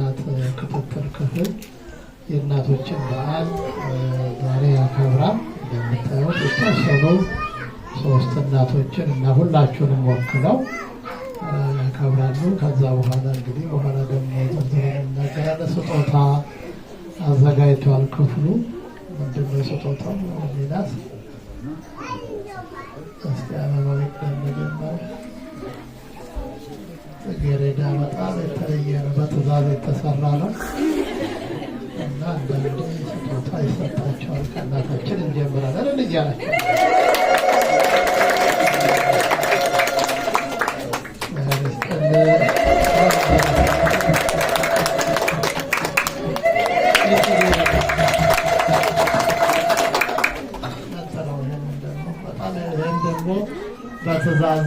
የህፃናት ክትትል ክፍል የእናቶችን በዓል ዛሬ ያከብራል። እንደምታዩት የተወሰኑ ሶስት እናቶችን እና ሁላችሁንም ወክለው ያከብራሉ። ከዛ በኋላ እንግዲህ በኋላ ደግሞ ዘዘነገራለ ስጦታ አዘጋጅቷል ክፍሉ። ምንድነው ስጦታው? ሚናስ እስቲ አበባ መጀመሪያ ጽጌረዳ በጣም የተለየ ነው። በትእዛዝ የተሰራ ነው እና አንዳንድ ስጦታ ይሰጣቸዋል። ከእናታችን እንጀምራለን። ልጅ ያላቸው በትእዛዝ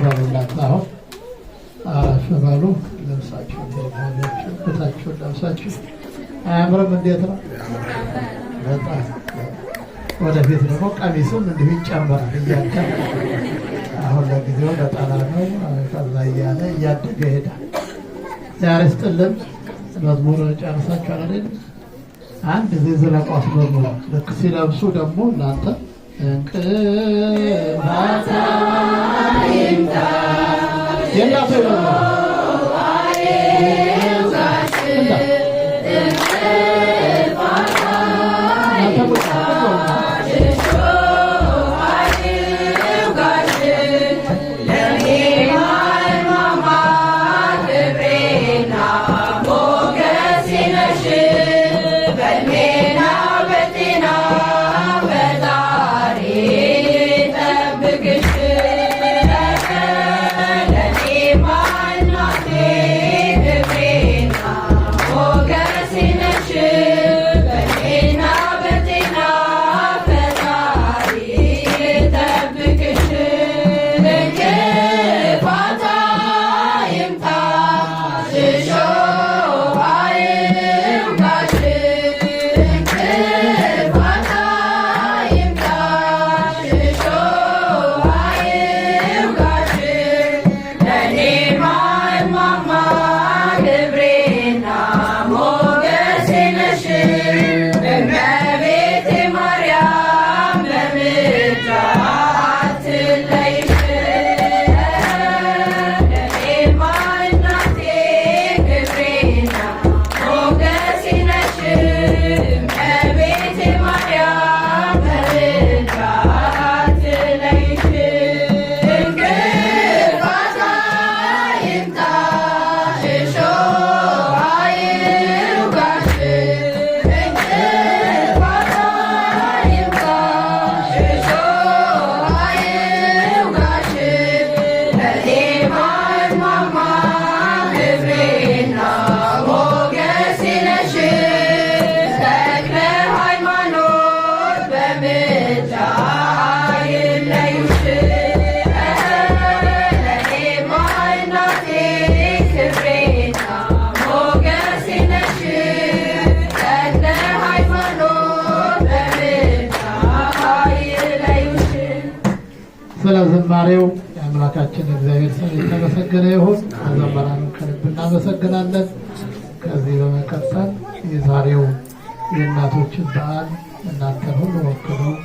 ሹራቡላት አሁን ሽራሉ ለብሳችሁ ታችሁ ለብሳችሁ አያምርም? እንዴት ነው? በጣም ወደፊት ደግሞ ቀሚስም እንዲሁ ይጨምራል እያለ አሁን ለጊዜው በጠላ ነው። ከዛ እያለ እያደገ ሄዳ ዛሬ መዝሙር ጨርሳችሁ አለ አንድ ጊዜ መዝሙር ልክ ሲለብሱ ደግሞ እናንተ እንቅ ስለ ዝማሬው የአምላካችን እግዚአብሔር ስም የተመሰገነ ይሁን። ከዘመራን ከልብ እናመሰግናለን። ከዚህ በመቀጠል የዛሬው የእናቶችን በዓል እናንተን ሁሉ ወክሎ